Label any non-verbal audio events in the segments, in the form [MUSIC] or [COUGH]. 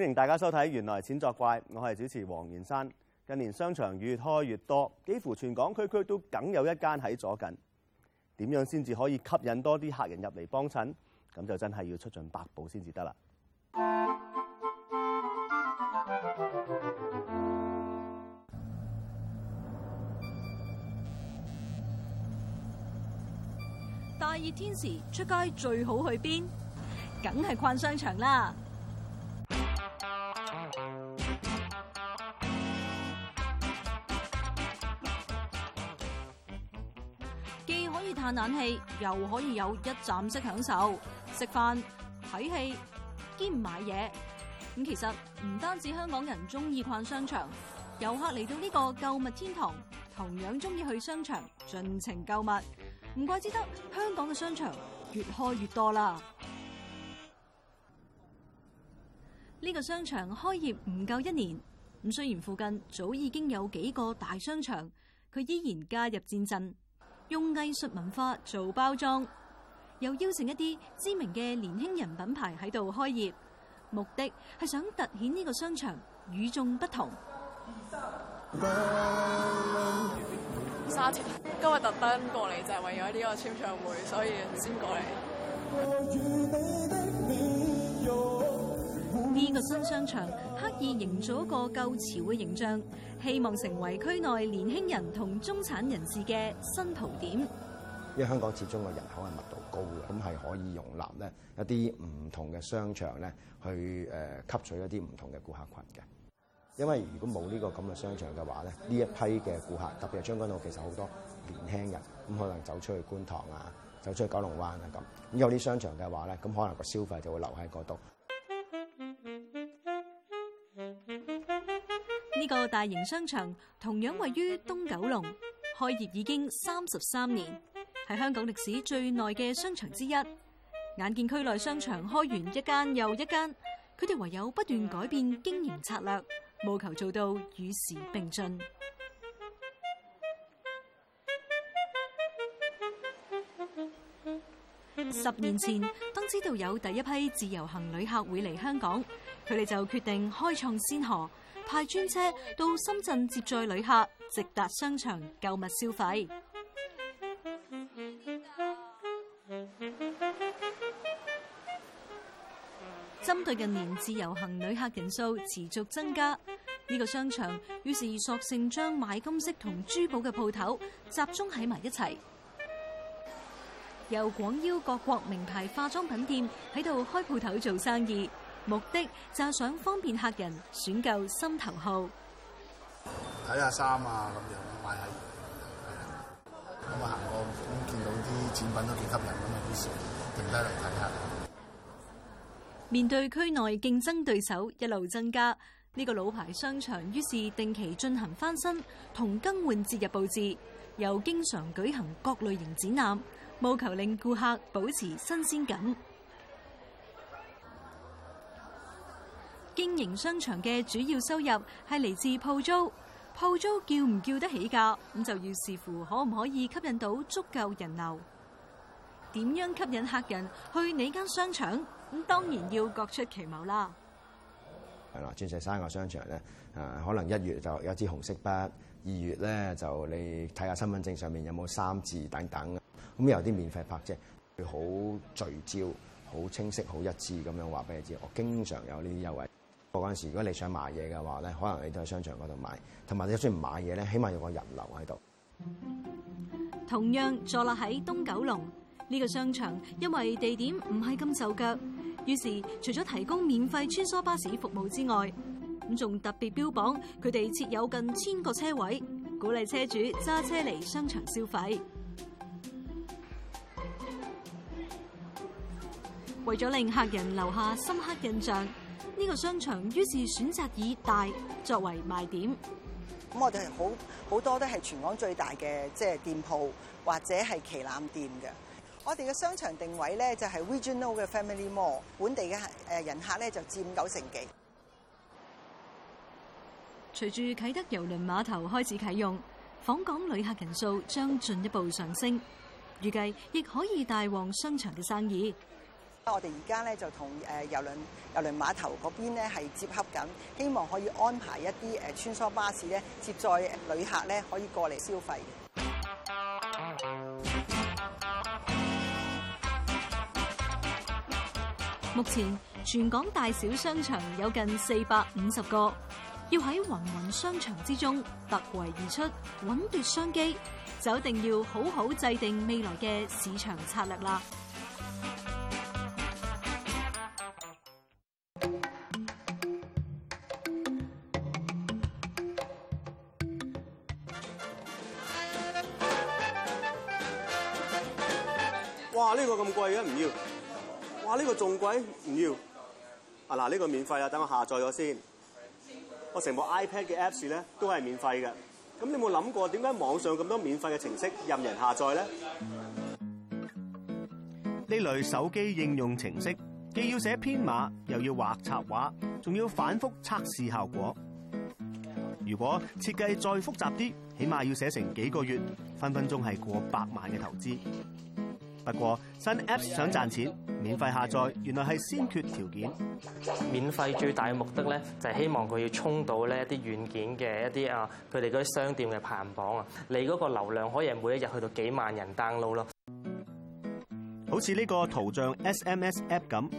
歡迎大家收睇《原來錢作怪》，我係主持黃元山。近年商場越開越多，幾乎全港區區都梗有一間喺左近。點樣先至可以吸引多啲客人入嚟幫襯？咁就真係要出盡百步先至得啦！大熱天時出街最好去邊？梗係逛商場啦！冷氣又可以有一站式享受，食飯、睇戲兼買嘢。咁其實唔單止香港人中意逛商場，遊客嚟到呢個購物天堂，同樣中意去商場盡情購物。唔怪之得，香港嘅商場越開越多啦。呢個商場開業唔夠一年，咁雖然附近早已經有幾個大商場，佢依然加入戰陣。用藝術文化做包裝，又邀請一啲知名嘅年輕人品牌喺度開業，目的係想突顯呢個商場與眾不同。今日特登過嚟就係為咗呢個簽唱會，所以先過嚟。 [LAUGHS] 呢個新商場刻意營造一個夠潮嘅形象，希望成為區內年輕人同中產人士嘅新蒲點。因為香港始終嘅人口係密度高嘅，咁係可以容納咧一啲唔同嘅商場咧，去誒吸取一啲唔同嘅顧客群嘅。因為如果冇呢個咁嘅商場嘅話咧，呢一批嘅顧客，特別係將軍澳，其實好多年輕人咁可能走出去觀塘啊，走出去九龍灣啊咁。咁有啲商場嘅話咧，咁可能個消費就會留喺嗰度。這個大型商場同樣位於東九龍，開業已經三十三年，係香港歷史最耐嘅商場之一。眼見區內商場開完一間又一間，佢哋唯有不斷改變經營策略，務求做到與時並進。十年前，當知道有第一批自由行旅客會嚟香港，佢哋就決定開創先河，派專車到深圳接載旅客，直達商場購物消費，嗯嗯。針對近年自由行旅客人數持續增加，呢、這個商場於是索性將買金飾同珠寶嘅鋪頭集中喺埋一齊。由廣邀各國名牌化妝品店喺度開鋪頭做生意，目的就係想方便客人選購心頭好。睇下衫啊，咁樣買下。咁啊，見到啲展品都幾吸引，咁啊，停低嚟睇下。面對區內競爭對手一路增加，呢個老牌商場於是定期進行翻新同更換節日布置，又經常舉行各類型展覽。務求令顧客保持新鮮感。經營商場嘅主要收入係嚟自鋪租，鋪租叫唔叫得起價咁就要視乎可唔可以吸引到足夠人流。點樣吸引客人去你間商場咁，當然要各出奇謀啦。係啦，鑽石山個商場咧，誒，可能一月就有一支紅色筆，二月咧就你睇下身份證上面有冇三字等等。咁有啲免費拍攝，佢好聚焦、好清晰、好一致咁樣話俾你知。我經常有呢啲優惠。我嗰陣時，如果你想買嘢嘅話咧，可能你都喺商場嗰度買。同埋，你就算唔買嘢咧，起碼有個人流喺度。同樣坐落喺東九龍呢個商場，因為地點唔係咁就腳，於是除咗提供免費穿梭巴士服務之外，咁仲特別標榜佢哋設有近千個車位，鼓勵車主揸車嚟商場消費。為咗令客人留下深刻印象，呢、這個商場於是選擇以大作為賣點。咁我哋係好好多都係全港最大嘅，即係店鋪或者係旗艦店嘅。我哋嘅商場定位咧就係、是、Regional 嘅 Family Mall，本地嘅誒人客咧就占九成幾。隨住啟德郵輪碼頭開始啟用，訪港旅客人數將進一步上升，預計亦可以帶旺商場嘅生意。我哋而家咧就同誒遊輪遊輪碼頭嗰邊咧係接洽緊，希望可以安排一啲誒穿梭巴士咧接載旅客咧可以過嚟消費。目前全港大小商場有近四百五十個，要喺芸芸商場之中突圍而出，穩奪商機，就一定要好好制定未來嘅市場策略啦。唔要，哇！呢個仲貴，唔要。啊嗱，呢個免費啦，等我下載咗先。我成部 iPad 嘅 Apps 咧，都係免費嘅。咁你有冇諗過，點解網上咁多免費嘅程式任人下載咧？呢類手機應用程式，既要寫編碼，又要畫插畫，仲要反覆測試效果。如果設計再複雜啲，起碼要寫成幾個月，分分鐘係過百萬嘅投資。不過新 app 想賺錢，免費下載原來係先決條件。免費最大嘅目的咧，就係希望佢要衝到呢一啲軟件嘅一啲啊，佢哋嗰啲商店嘅排行榜啊，你嗰個流量可以每一日去到幾萬人 download 咯。好似呢個圖像 SMS App 咁，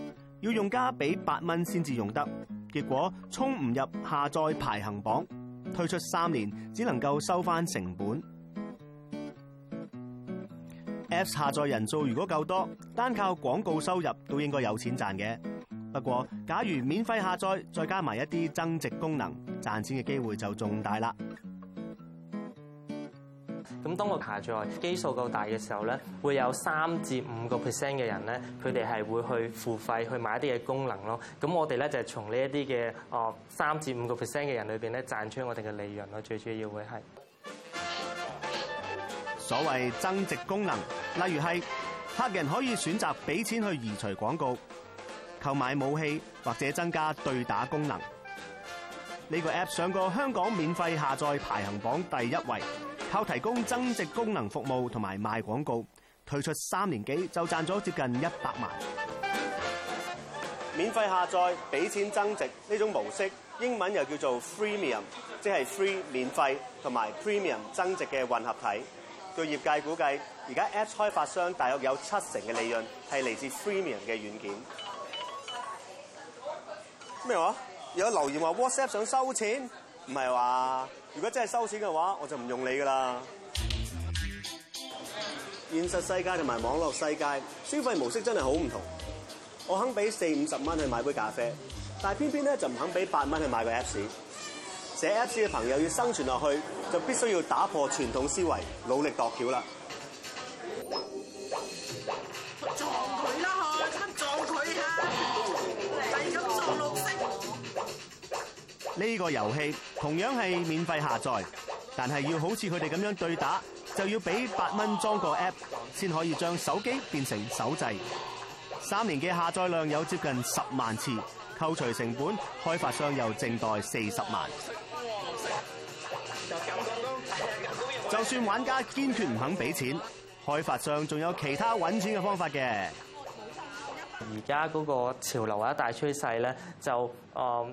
要用家俾八蚊先至用得，結果衝唔入下載排行榜，推出三年只能夠收返成本。Apps 下載人數如果夠多，單靠廣告收入都應該有錢賺嘅。不過，假如免費下載，再加埋一啲增值功能，賺錢嘅機會就重大啦。咁當我下載機數夠大嘅時候咧，會有三至五個 percent 嘅人咧，佢哋係會去付費去買一啲嘅功能咯。咁我哋咧就係從呢一啲嘅哦三至五個 percent 嘅人裏邊咧賺出我哋嘅利潤咯。最主要會係。所謂增值功能，例如係客人可以選擇俾錢去移除廣告、購買武器或者增加對打功能。呢個 App 上過香港免費下載排行榜第一位，靠提供增值功能服務同埋賣廣告，推出三年幾就賺咗接近一百萬。免費下載俾錢增值呢種模式，英文又叫做 freemium，即係 free 免費同埋 premium 增值嘅混合體。據業界估計，而家 Apps 開發商大約有七成嘅利潤係嚟自 Freemium 嘅軟件。咩話？有留言話 WhatsApp 想收錢，唔係話？如果真係收錢嘅話，我就唔用你噶啦。現實世界同埋網絡世界消費模式真係好唔同。我肯俾四五十蚊去買杯咖啡，但偏偏咧就唔肯俾八蚊去買個 Apps。寫 Apps 嘅朋友要生存落去，就必須要打破傳統思維，努力度橋啦！撞佢啦，撞佢啊！咁呢個遊戲同樣係免費下載，但係要好似佢哋咁樣對打，就要俾八蚊裝個 App，先可以將手機變成手掣。三年嘅下載量有接近十萬次，扣除成本，開發商又淨袋四十萬。就算玩家堅決唔肯俾錢，開發商仲有其他揾錢嘅方法嘅。而家嗰個潮流啊，一大趨勢咧，就誒。呃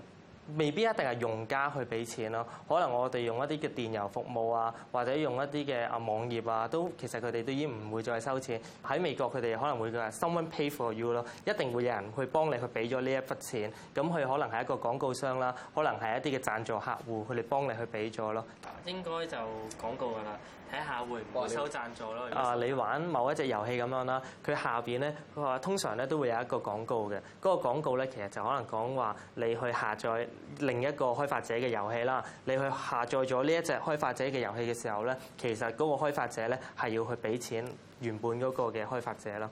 未必一定係用家去俾錢咯，可能我哋用一啲嘅電郵服務啊，或者用一啲嘅啊網頁啊，都其實佢哋都已經唔會再收錢。喺美國佢哋可能會話 Someone pay for you 咯，一定會有人去幫你去俾咗呢一筆錢。咁佢可能係一個廣告商啦，可能係一啲嘅贊助客戶，佢哋幫你去俾咗咯。應該就廣告㗎啦。睇下會唔會收贊助咯？啊，你玩某一隻遊戲咁樣啦，佢下邊咧，佢話通常咧都會有一個廣告嘅。嗰個廣告咧，其實就可能講話你去下載另一個開發者嘅遊戲啦。你去下載咗呢一隻開發者嘅遊戲嘅時候咧，其實嗰個開發者咧係要去俾錢原本嗰個嘅開發者咯。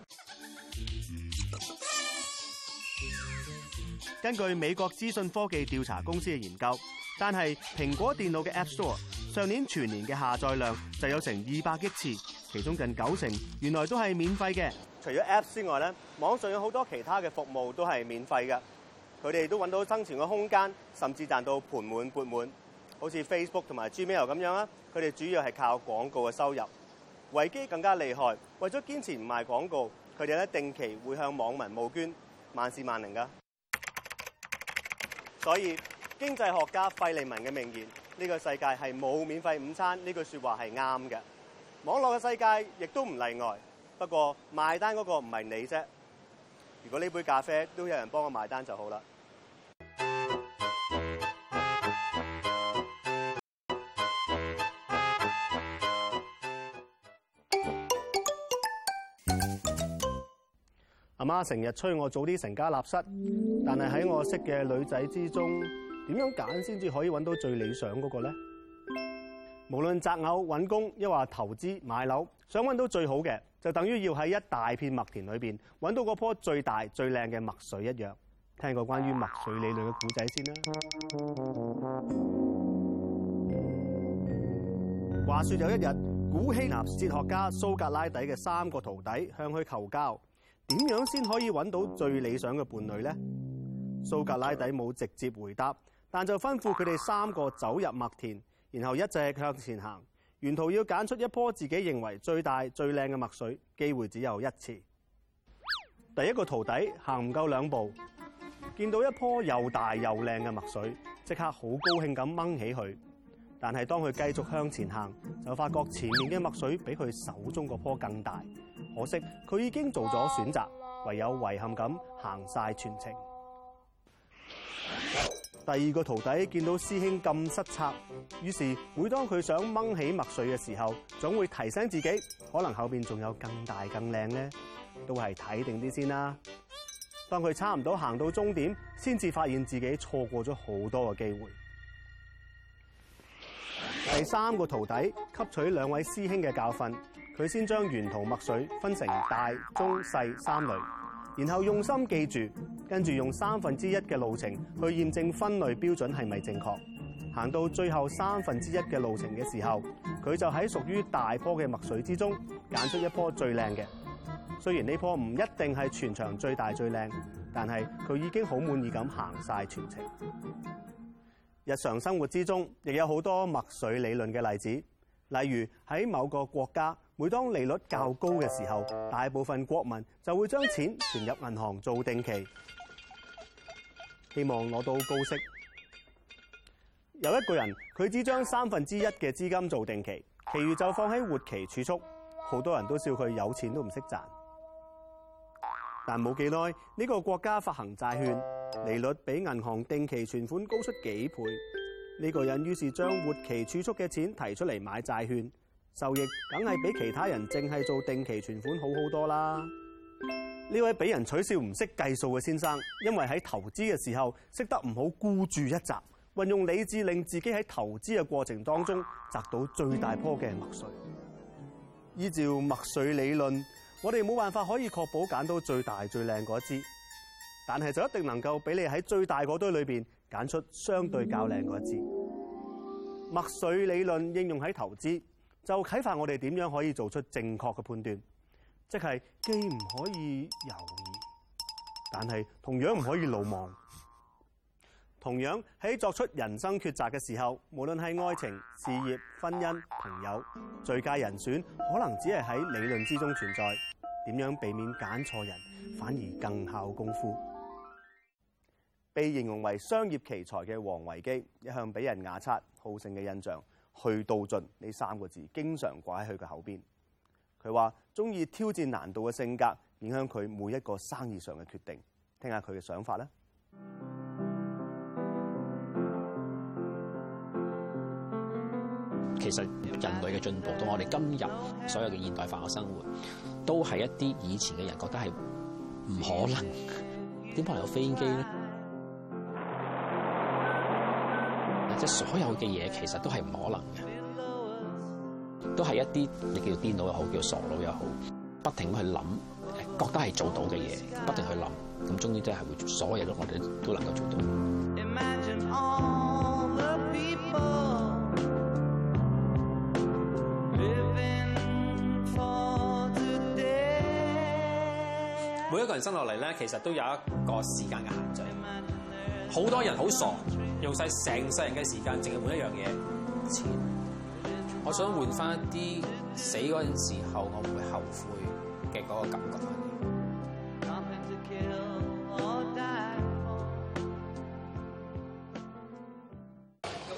根據美國資訊科技調查公司嘅研究，但係蘋果電腦嘅 App Store。上年全年嘅下載量就有成二百億次，其中近九成原來都係免費嘅。除咗 Apps 之外咧，網上有好多其他嘅服務都係免費嘅。佢哋都揾到生存嘅空間，甚至賺到盆滿缽滿。好似 Facebook 同埋 Gmail 咁樣啊，佢哋主要係靠廣告嘅收入。維基更加厲害，為咗堅持唔賣廣告，佢哋咧定期會向網民募捐，萬事萬靈噶。所以，經濟學家費利民嘅名言。呢個世界係冇免費午餐，呢句説話係啱嘅。網絡嘅世界亦都唔例外。不過埋單嗰個唔係你啫。如果呢杯咖啡都有人幫我埋單就好啦。阿媽成日催我早啲成家立室，但係喺我識嘅女仔之中，點樣揀先至可以揾到最理想嗰個呢？ [MUSIC] 無論擇偶、揾工，又或投資、買樓，想揾到最好嘅，就等於要喺一大片麥田裏邊揾到嗰棵最大、最靚嘅麥穗一樣。聽個關於麥穗理論嘅古仔先啦。 [MUSIC] 話說有一日，古希臘哲學家蘇格拉底嘅三個徒弟向佢求教：點樣先可以揾到最理想嘅伴侶呢？蘇格拉底冇直接回答。但就吩咐佢哋三個走入麥田，然後一直向前行，沿途要揀出一樖自己認為最大最靚嘅麥穗，機會只有一次。第一個徒弟行唔夠兩步，見到一樖又大又靚嘅麥穗，即刻好高興咁掹起佢。但係當佢繼續向前行，就發覺前面嘅麥穗比佢手中嗰樖更大。可惜佢已經做咗選擇，唯有遺憾咁行晒全程。第二個徒弟見到師兄咁失策，於是每當佢想掹起墨水嘅時候，總會提醒自己：可能後邊仲有更大更靚呢，都係睇定啲先啦。當佢差唔多行到終點，先至發現自己錯過咗好多嘅機會。第三個徒弟吸取兩位師兄嘅教訓，佢先將沿途墨水分成大、中、細三類。然後用心記住，跟住用三分之一嘅路程去驗證分類標準係咪正確。行到最後三分之一嘅路程嘅時候，佢就喺屬於大棵嘅墨水之中揀出一棵最靚嘅。雖然呢棵唔一定係全場最大最靚，但係佢已經好滿意咁行晒全程。日常生活之中，亦有好多墨水理論嘅例子，例如喺某個國家。每當利率較高嘅時候，大部分國民就會將錢存入銀行做定期，希望攞到高息。有一個人，佢只將三分之一嘅資金做定期，其餘就放喺活期儲蓄。好多人都笑佢有錢都唔識賺。但冇幾耐，呢個國家發行債券，利率比銀行定期存款高出幾倍。呢個人於是將活期儲蓄嘅錢提出嚟買債券。受益梗係比其他人淨係做定期存款好好多啦！呢位俾人取笑唔識計數嘅先生，因為喺投資嘅時候識得唔好孤注一擲，運用理智令自己喺投資嘅過程當中摘到最大棵嘅麥穗。依照麥穗理論，我哋冇辦法可以確保揀到最大最靚嗰一支，但係就一定能夠俾你喺最大嗰堆裏邊揀出相對較靚嗰一支。麥穗理論應用喺投資。就啟發我哋點樣可以做出正確嘅判斷，即係既唔可以猶豫，但係同樣唔可以魯莽。同樣喺作出人生抉擇嘅時候，無論係愛情、事業婚姻、朋友、最佳人選，可能只係喺理論之中存在。點樣避免揀錯人，反而更效功夫？被形容為商業奇才嘅王維基，一向俾人牙擦好勝嘅印象。去到盡呢三個字，經常掛喺佢嘅口邊。佢話：鍾意挑戰難度嘅性格，影響佢每一個生意上嘅決定。聽下佢嘅想法啦。其實人類嘅進步到我哋今日所有嘅現代化嘅生活，都係一啲以前嘅人覺得係唔可能。點可能有飛機咧？即係所有嘅嘢，其實都係唔可能嘅，都係一啲你叫做癲佬又好，叫傻佬又好，不停去諗，覺得係做到嘅嘢，不停去諗，咁終於真係會做所有嘢都我哋都能夠做到。每一個人生落嚟咧，其實都有一個時間嘅限制，好多人好傻。用晒成世人嘅時間，淨係換一樣嘢錢。我想換翻一啲死嗰陣時候，我唔會後悔嘅嗰個感覺。今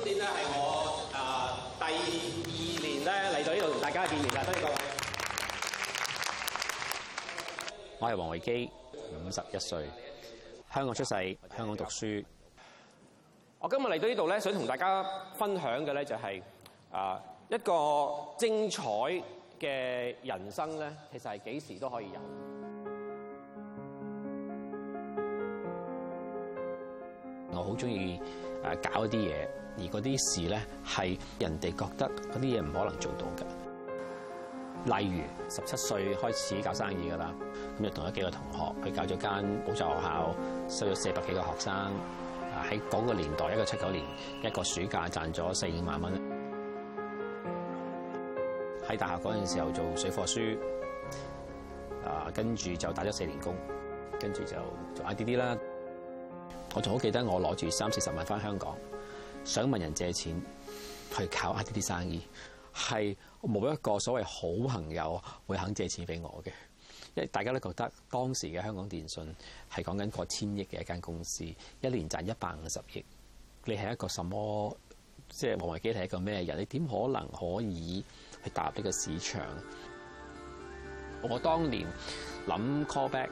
年咧係我啊第二年咧嚟到呢度同大家見面啦，多謝各位。我係王維基，五十一歲，香港出世，香港讀書。我今日嚟到呢度咧，想同大家分享嘅咧就係啊一個精彩嘅人生咧，其實係幾時都可以有。我好中意誒搞一啲嘢，而嗰啲事咧係人哋覺得嗰啲嘢唔可能做到嘅。例如十七歲開始搞生意噶啦，咁就同一幾個同學去搞咗間補習學校，收咗四百幾個學生。喺嗰個年代，一個七九年，一個暑假賺咗四五萬蚊。喺大學嗰陣時候做水貨書，啊，跟住就打咗四年工，跟住就做 I D D 啦。我仲好記得我攞住三四十萬返香港，想問人借錢去靠 I D D 生意，係冇一個所謂好朋友會肯借錢俾我嘅。因為大家都覺得當時嘅香港電訊係講緊過千億嘅一間公司，一年賺一百五十億，你係一個什麼？即係王維基係一個咩人？你點可能可以去踏入呢個市場？ [MUSIC] 我當年諗 call back，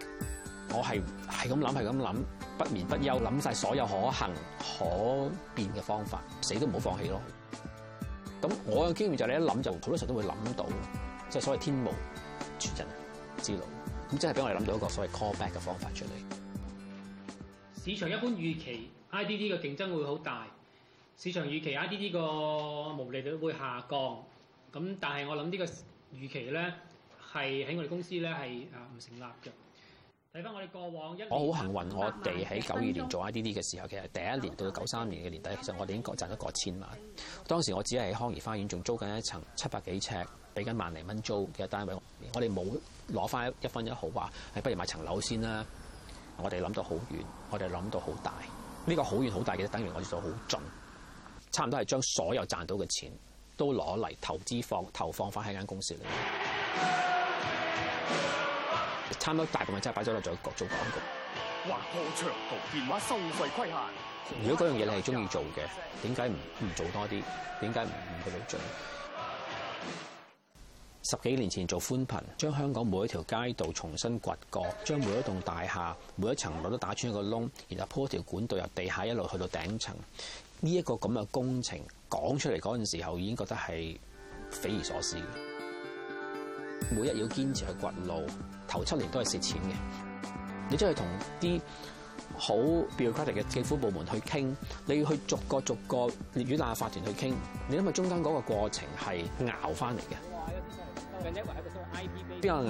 我係係咁諗，係咁諗，不眠不休，諗晒所有可行可變嘅方法，死都唔好放棄咯。咁我嘅經驗就係你一諗就好多時候都會諗到，即係所謂天無絕人之路。咁即係俾我哋諗到一個所謂 call back 嘅方法出嚟。市場一般預期 I D D 嘅競爭會好大，市場預期 I D D 個毛利率會下降。咁但係我諗呢個預期咧係喺我哋公司咧係誒唔成立嘅。睇翻我哋過往一，我好幸運，我哋喺九二年做 I D D 嘅時候，其實第一年到九三年嘅年底，其實我哋已經賺咗過千萬。當時我只係喺康怡花園仲租緊一層七百幾尺。俾緊萬零蚊租嘅單位，我哋冇攞翻一分一毫話，係不如買層樓先啦。我哋諗到好遠，我哋諗到好大。呢個好遠好大嘅，等於我哋做好盡，差唔多係將所有賺到嘅錢都攞嚟投資放投放翻喺間公司裏面。 [MUSIC] 差唔多大部分真係擺咗落咗各種廣告。話過長途，電話收費規限。如果嗰樣嘢你係中意做嘅，點解唔唔做多啲？點解唔去到盡？十幾年前做寬頻，將香港每一條街道重新掘過，將每一棟大廈每一層樓都打穿一個窿，然後鋪一條管道由地下一路去到頂層。呢、這、一個咁嘅工程講出嚟嗰陣時候，已經覺得係匪夷所思。每日要堅持去掘路，頭七年都係蝕錢嘅。你真係同啲好 bureaucratic 嘅政府部門去傾，你要去逐個逐個業主立案法團去傾。你諗為中間嗰個過程係熬翻嚟嘅。係邊個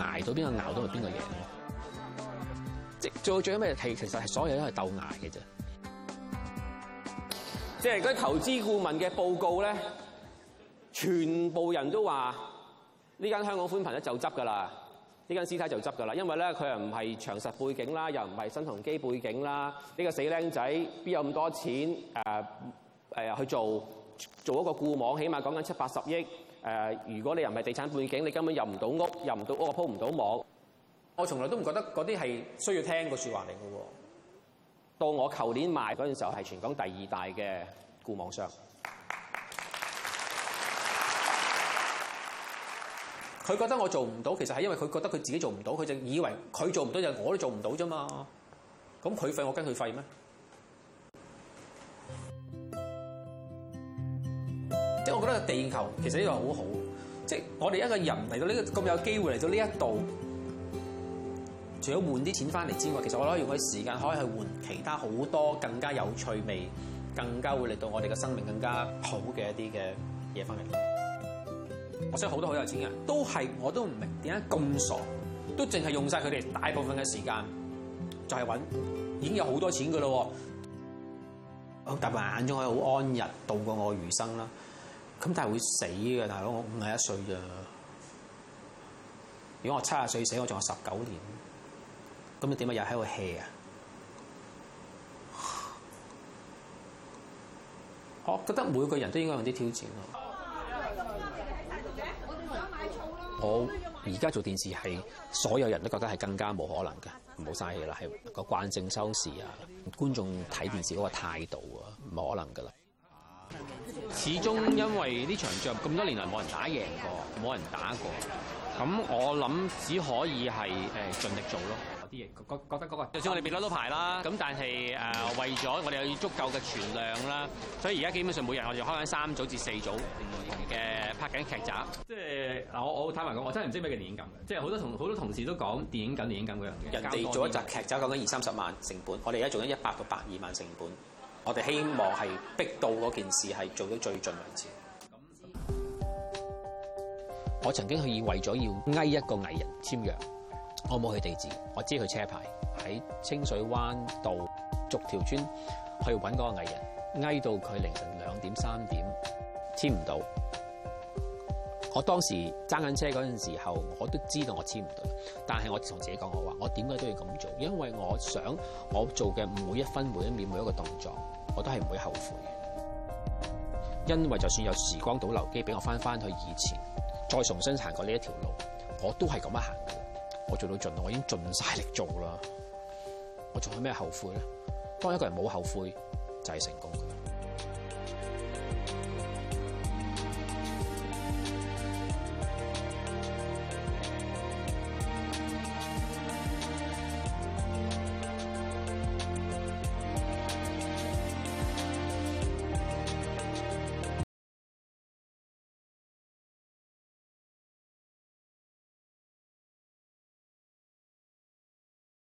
挨到，邊個熬到，係邊個贏？即係最後最屘係其實係所有都係鬥挨嘅啫。即係嗰啲投資顧問嘅報告咧，全部人都話呢間香港寬頻咧就執噶啦，呢間私家體就執噶啦。因為咧佢又唔係長實背景啦，又唔係新鴻基背景啦。呢、呢個死僆仔邊有咁多錢誒誒、呃呃、去做做一個固網，起碼講緊七八十億。誒、uh，如果你又唔係地產背景，你根本入唔到屋，入唔到屋，鋪唔到網。我從來都唔覺得嗰啲係需要聽個説話嚟嘅喎。到我舊年賣嗰陣時候，係全港第二大嘅固網商。佢 [LAUGHS] 覺得我做唔到，其實係因為佢覺得佢自己做唔到，佢就以為佢做唔到就我都做唔到啫嘛。咁佢廢我跟佢廢咩？我覺得地球其實呢個好好，即係我哋一個人嚟到呢個咁有機會嚟到呢一度，除咗換啲錢翻嚟之外，其實我可以用佢時間可以去換其他好多更加有趣味、更加會令到我哋嘅生命更加好嘅一啲嘅嘢翻嚟。我想好多好有錢人都係我都唔明點解咁傻，都淨係用晒佢哋大部分嘅時間，就係、是、揾已經有好多錢噶啦喎。喺大部分人眼中可以好安逸度過我餘生啦。咁但係會死嘅，大佬我五十一歲咋？如果我七十歲死，我仲有十九年。咁你點解又喺度 hea 啊？我覺得每個人都應該用啲挑戰咯。我而家做電視係所有人都覺得係更加冇可能嘅，唔好嘥氣啦，係個慣性收視啊，觀眾睇電視嗰個態度啊，冇可能噶啦。始終因為呢場仗咁多年嚟冇人打贏過，冇人打過。咁我諗只可以係、呃、盡力做咯。有啲嘢覺覺得嗰個，個，個，個，個就算我哋未攞到牌啦，咁但係誒、呃、為咗我哋有足夠嘅存量啦，所以而家基本上每日我哋開緊三組至四組嘅拍緊劇集。即係嗱，我我坦白講，我真係唔知咩叫電影感。即係好多同好多同事都講電影感、電影感嗰樣。人哋做一集劇集講緊二三十萬成本，我哋而家做緊一百到百二萬成本。我哋希望係逼到嗰件事係做到最盡為止。我曾經去為咗要捱一個藝人簽約，我冇佢地址，我知佢車牌，喺清水灣道逐條村去揾嗰個藝人，捱到佢凌晨兩點三點簽唔到。我當時揸緊車嗰陣時候，我都知道我簽唔到，但係我同自己講我話：我點解都要咁做？因為我想我做嘅每一分、每一秒、每一個動作，我都係唔會後悔嘅。因為就算有時光倒流機俾我翻返去以前，再重新行過呢一條路，我都係咁樣行嘅。我做到盡，我已經盡晒力做啦。我仲有咩後悔呢？當一個人冇後悔，就係成功。